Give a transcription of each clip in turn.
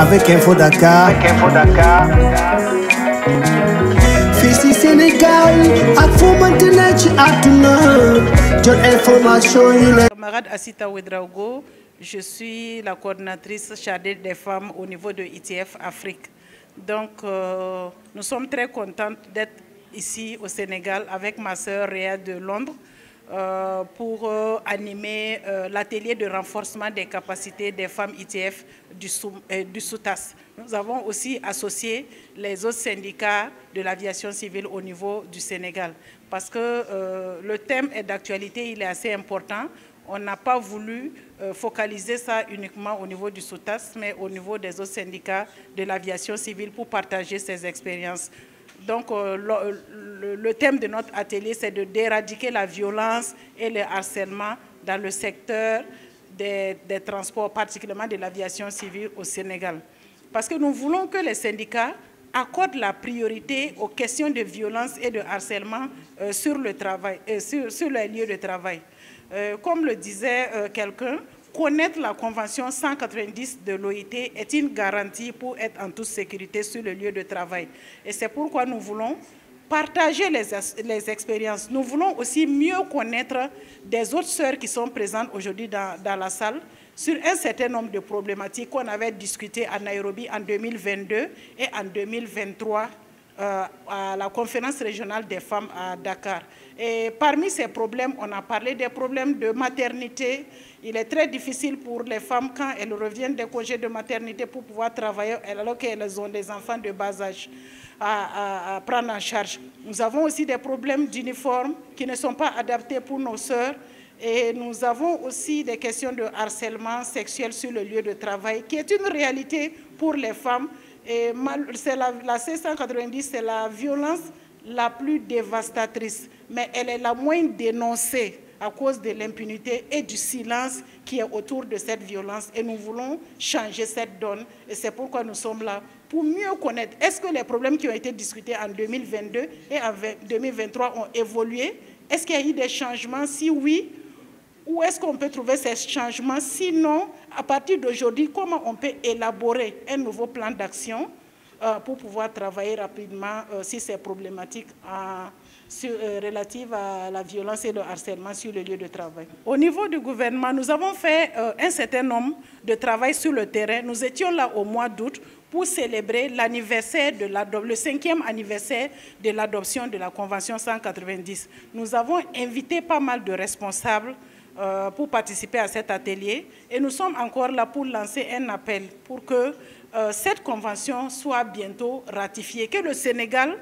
avec Info Dakar. Avec Info Dakar. Fils Sénégal, maintenant, foo à tout ci j'ai jot information yu la. Camarade Assita Ouedraogo, je suis la coordinatrice chargée des femmes au niveau de ITF Afrique. Donc, euh, nous sommes très contentes d'être ici au Sénégal avec ma sœur Réa de Londres. Euh, pour euh, animer euh, l'atelier de renforcement des capacités des femmes ITF du, du SOUTAS. Nous avons aussi associé les autres syndicats de l'aviation civile au niveau du Sénégal parce que le thème est d'actualité, il est assez important. On n'a pas voulu focaliser ça uniquement au niveau du SOUTAS, mais au niveau des autres syndicats de l'aviation civile pour partager ces expériences donc euh, euh, le, thème de notre atelier, c'est de déradiquer la violence et le harcèlement dans le secteur des, transports, particulièrement de l'aviation civile au Sénégal. Parce que nous voulons que les syndicats accordent la priorité aux questions de violence et de harcèlement euh, sur, le travail, sur, sur les lieux de travail. comme le disait quelqu'un, Connaître la Convention 190 de l'OIT est une garantie pour être en toute sécurité sur le lieu de travail. Et c'est pourquoi nous voulons partager les, expériences. Nous voulons aussi mieux connaître des autres sœurs qui sont présentes aujourd'hui dans, dans, la salle sur un certain nombre de problématiques qu'on avait discutées à Nairobi en 2022 et en 2023 euh, à la conférence régionale des femmes à Dakar. Et parmi ces problèmes, on a parlé des problèmes de maternité. Il est très difficile pour les femmes quand elles reviennent des congés de maternité pour pouvoir travailler alors qu'elles ont des enfants de bas âge à, à prendre en charge. Nous avons aussi des problèmes d'uniformes qui ne sont pas adaptés pour nos sœurs. Et nous avons aussi des questions de harcèlement sexuel sur le lieu de travail, qui est une réalité pour les femmes et la, la C-190, c'est la violence la plus dévastatrice, mais elle est la moins dénoncée à cause de l'impunité et du silence qui est autour de cette violence. Et nous voulons changer cette donne. Et c'est pourquoi nous sommes là, pour mieux connaître. Est-ce que les problèmes qui ont été discutés en 2022 et en 2023 ont évolué Est-ce qu'il y a eu des changements Si oui, où est-ce qu'on peut trouver ces changements Sinon, à partir d'aujourd'hui, comment on peut élaborer un nouveau plan d'action euh, pour pouvoir travailler rapidement euh, sur ces problématiques euh, relatives à la violence et le harcèlement sur le lieu de travail. Au niveau du gouvernement, nous avons fait un certain nombre de travail sur le terrain. Nous étions là au mois d'août pour célébrer l'anniversaire de la, le cinquième anniversaire de l'adoption de la Convention 190. Nous avons invité pas mal de responsables euh, pour participer à cet atelier. Et nous sommes encore là pour lancer un appel pour que euh, cette convention soit bientôt ratifiée, que le Sénégal,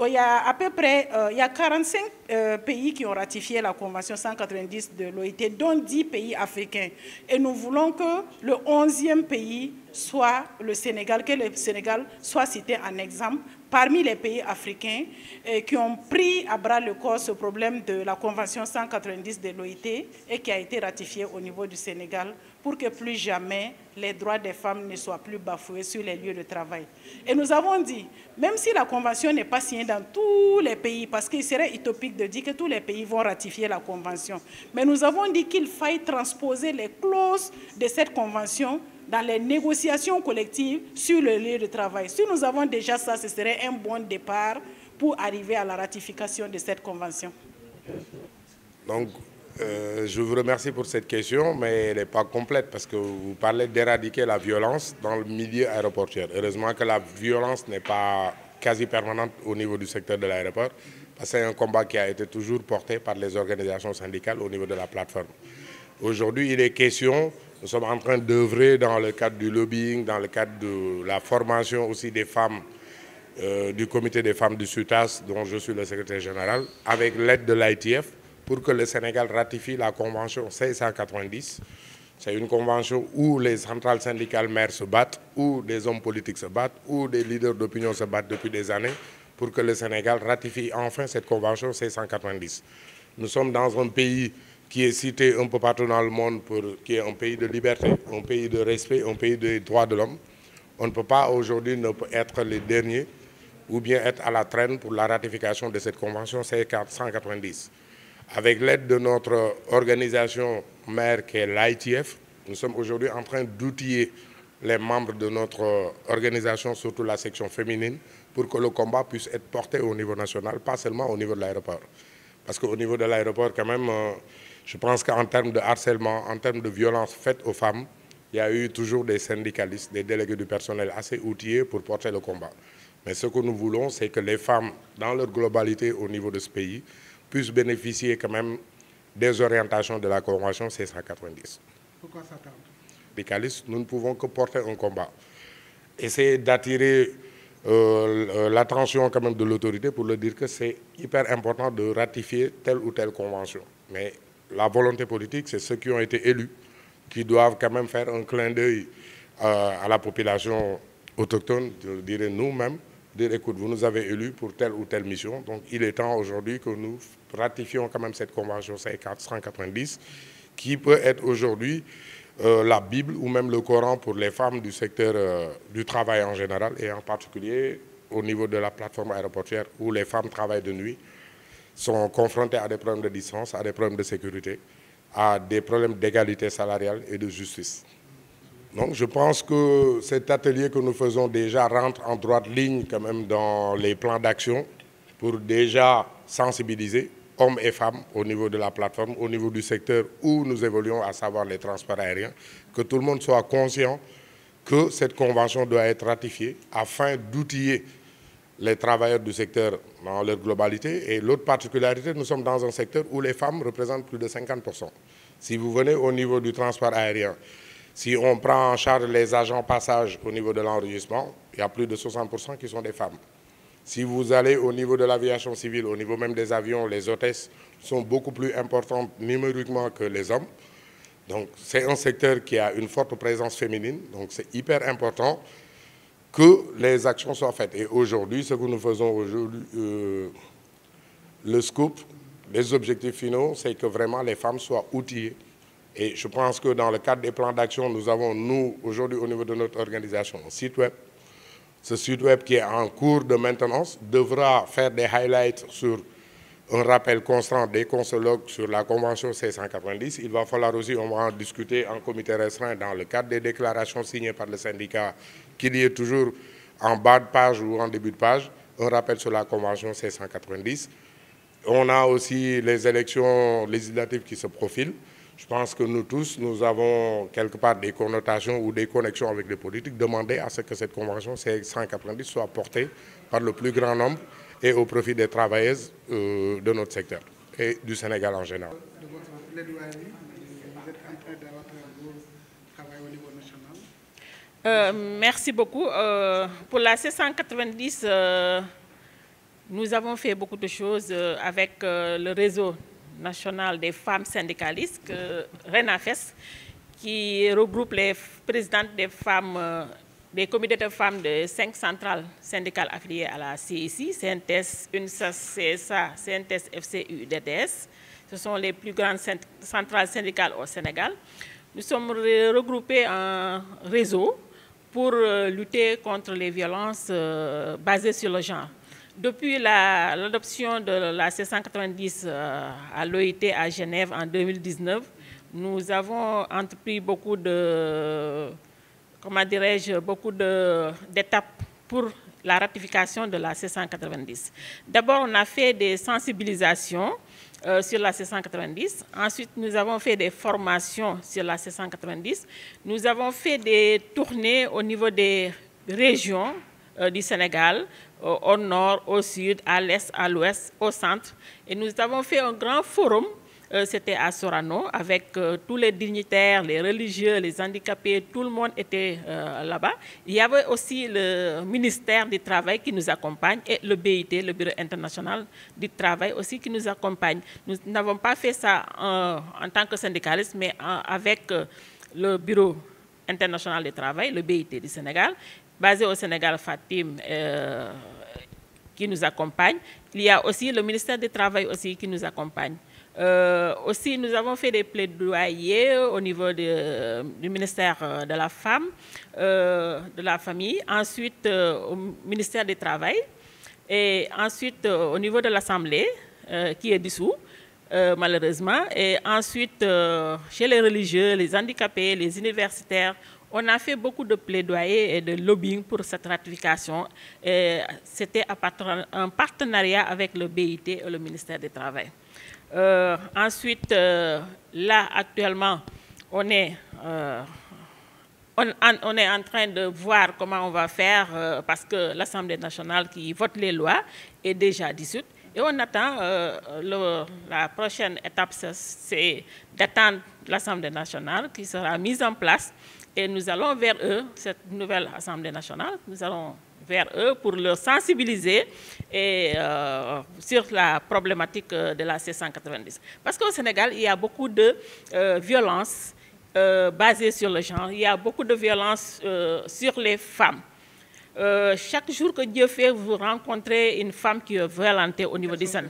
il y a à peu près euh, il y a 45 euh, pays qui ont ratifié la Convention 190 de l'OIT, dont 10 pays africains. Et nous voulons que le 11e pays soit le Sénégal, que le Sénégal soit cité en exemple parmi les pays africains euh, qui ont pris à bras le corps ce problème de la Convention 190 de l'OIT et qui a été ratifiée au niveau du Sénégal pour que plus jamais les droits des femmes ne soient plus bafoués sur les lieux de travail. Et nous avons dit, même si la Convention n'est pas signée dans tous les pays, parce qu'il serait utopique de dire que tous les pays vont ratifier la Convention. Mais nous avons dit qu'il faille transposer les clauses de cette Convention dans les négociations collectives sur le lieu de travail. Si nous avons déjà ça, ce serait un bon départ pour arriver à la ratification de cette Convention. Donc, euh, je vous remercie pour cette question, mais elle n'est pas complète parce que vous parlez d'éradiquer la violence dans le milieu aéroportuaire. Heureusement que la violence n'est pas quasi permanente au niveau du secteur de l'aéroport. C'est un combat qui a été toujours porté par les organisations syndicales au niveau de la plateforme. Aujourd'hui, il est question, nous sommes en train d'œuvrer dans le cadre du lobbying, dans le cadre de la formation aussi des femmes euh, du comité des femmes du SUTAS, dont je suis le secrétaire général, avec l'aide de l'ITF, pour que le Sénégal ratifie la convention 1690. C'est une convention où les centrales syndicales mères se battent, où des hommes politiques se battent, où des leaders d'opinion se battent depuis des années pour que le Sénégal ratifie enfin cette convention C190. Nous sommes dans un pays qui est cité un peu partout dans le monde, qui est un pays de liberté, un pays de respect, un pays des droits de l'homme. On ne peut pas aujourd'hui être les derniers ou bien être à la traîne pour la ratification de cette convention C490. Avec l'aide de notre organisation mère qui est l'ITF, nous sommes aujourd'hui en train d'outiller les membres de notre organisation, surtout la section féminine, pour que le combat puisse être porté au niveau national, pas seulement au niveau de l'aéroport. Parce qu'au niveau de l'aéroport, quand même, euh, je pense qu'en termes de harcèlement, en termes de violence faite aux femmes, il y a eu toujours des syndicalistes, des délégués du personnel assez outillés pour porter le combat. Mais ce que nous voulons, c'est que les femmes, dans leur globalité au niveau de ce pays, puissent bénéficier quand même des orientations de la Convention C190. Pourquoi s'attendre Syndicalistes, nous ne pouvons que porter un combat. Essayer d'attirer euh, euh, l'attention quand même de l'autorité pour le dire que c'est hyper important de ratifier telle ou telle convention. Mais la volonté politique, c'est ceux qui ont été élus qui doivent quand même faire un clin d'œil euh, à, la population autochtone, je dirais nous-mêmes, dire écoute, vous nous avez élus pour telle ou telle mission, donc il est temps aujourd'hui que nous ratifions quand même cette convention c 490 qui peut être aujourd'hui euh, la Bible ou même le Coran pour les femmes du secteur euh, du travail en général et en particulier au niveau de la plateforme aéroportière où les femmes travaillent de nuit, sont confrontées à des problèmes de distance, à des problèmes de sécurité, à des problèmes d'égalité salariale et de justice. Donc je pense que cet atelier que nous faisons déjà rentre en droite ligne quand même dans les plans d'action pour déjà sensibiliser hommes et femmes au niveau de la plateforme, au niveau du secteur où nous évoluons, à savoir les transports aériens, que tout le monde soit conscient que cette convention doit être ratifiée afin d'outiller les travailleurs du secteur dans leur globalité. Et l'autre particularité, nous sommes dans un secteur où les femmes représentent plus de 50%. Si vous venez au niveau du transport aérien, si on prend en charge les agents passage au niveau de l'enregistrement, il y a plus de 60% qui sont des femmes. Si vous allez au niveau de l'aviation civile, au niveau même des avions, les hôtesses sont beaucoup plus importantes numériquement que les hommes. Donc c'est un secteur qui a une forte présence féminine, donc c'est hyper important que les actions soient faites. Et aujourd'hui, ce que nous faisons aujourd'hui, euh, le scoop, les objectifs finaux, c'est que vraiment les femmes soient outillées. Et je pense que dans le cadre des plans d'action, nous avons, nous, aujourd'hui, au niveau de notre organisation, un site web, ce site web qui est en cours de maintenance devra faire des highlights sur un rappel constant des consologues sur la Convention 690. Il va falloir aussi, on va en discuter en comité restreint dans le cadre des déclarations signées par le syndicat, qu'il y ait toujours en bas de page ou en début de page un rappel sur la Convention 690. On a aussi les élections législatives qui se profilent. Je pense que nous tous, nous avons quelque part des connotations ou des connexions avec les politiques. Demander à ce que cette convention C190 soit portée par le plus grand nombre et au profit des travailleuses euh, de notre secteur et du Sénégal en général. Euh, merci beaucoup. Euh, pour la C190, nous avons fait beaucoup de choses avec le réseau nationale des femmes syndicalistes, que RENAFES, qui regroupe les présidentes des femmes, euh, des comités de femmes de cinq centrales syndicales affiliées à la CICI, CNTS, UNSAS, CSA, CNTS, FCU, DTS. Ce sont les plus grandes centrales syndicales au Sénégal. Nous sommes regroupés en réseau pour euh, lutter contre les violences euh, basées sur le genre. Depuis l'adoption de la C190 euh, à l'OIT à Genève en 2019, nous avons entrepris beaucoup de, comment dirais-je, beaucoup d'étapes pour la ratification de la C190. D'abord, on a fait des sensibilisations euh, sur la C190. Ensuite, nous avons fait des formations sur la C190. Nous avons fait des tournées au niveau des régions euh, du Sénégal, euh, au nord, au sud, à l'est, à l'ouest, au centre. Et nous avons fait un grand forum euh, c'était à Sorano, avec tous les dignitaires, les religieux, les handicapés, tout le monde était là-bas. Il y avait aussi le ministère du Travail qui nous accompagne et le BIT, le Bureau international du Travail aussi qui nous accompagne. Nous n'avons pas fait ça en tant que syndicaliste, mais avec le Bureau international du travail, le BIT du Sénégal, basé au Sénégal Fatim euh, qui nous accompagne. Il y a aussi le ministère du Travail aussi qui nous accompagne. Euh, aussi, nous avons fait des plaidoyers au niveau du ministère euh, de la Femme, de la Famille, ensuite au ministère du Travail, et ensuite au niveau de l'Assemblée, qui est dissous. malheureusement. Et ensuite, chez les religieux, les handicapés, les universitaires, on a fait beaucoup de plaidoyer et de lobbying pour cette ratification. C'était un partenariat avec le BIT et le ministère du Travail. Euh, ensuite, euh, là, actuellement, euh, on est, en train de voir comment on va faire parce que l'Assemblée nationale qui vote les lois est déjà dissoute. Et on attend, la prochaine étape, c'est d'attendre l'Assemblée nationale qui sera mise en place et nous allons vers eux, cette nouvelle Assemblée nationale, nous allons vers eux pour leur sensibiliser et, euh, sur la problématique euh, de la C-190. Parce qu'au Sénégal, il y a beaucoup de euh, violences basées sur le genre, il y a beaucoup de violences sur les femmes. chaque jour que Dieu fait, vous rencontrez une femme qui est violentée au niveau des scènes.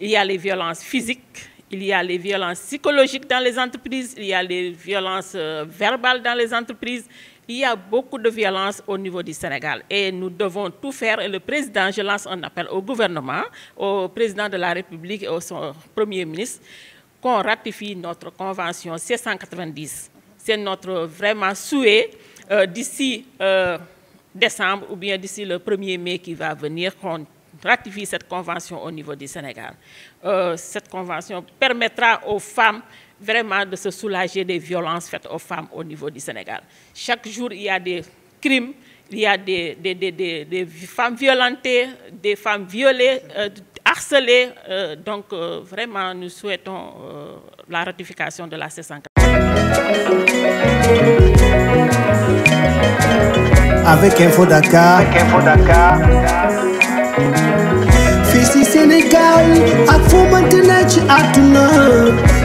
Il y a les violences physiques, il y a les violences psychologiques dans les entreprises, il y a les violences euh, verbales dans les entreprises, il y a beaucoup de violences au niveau du Sénégal et nous devons tout faire. Et le président, je lance un appel au gouvernement, au président de la République et au premier ministre qu'on ratifie notre convention 690. C'est notre vraiment souhait euh, d'ici euh, décembre ou bien d'ici le 1er mai qui va venir, qu'on ratifie cette convention au niveau du Sénégal. Euh, cette convention permettra aux femmes vraiment de se soulager des violences faites aux femmes au niveau du Sénégal. Chaque jour, il y a des crimes, il y a des, des, femmes violentées, des femmes violées, euh, harcelées. Euh, donc, vraiment, nous souhaitons la ratification de la c 54 Avec Avec Info Dakar. fii si Sénégal ak fu mënti ne ci àdduna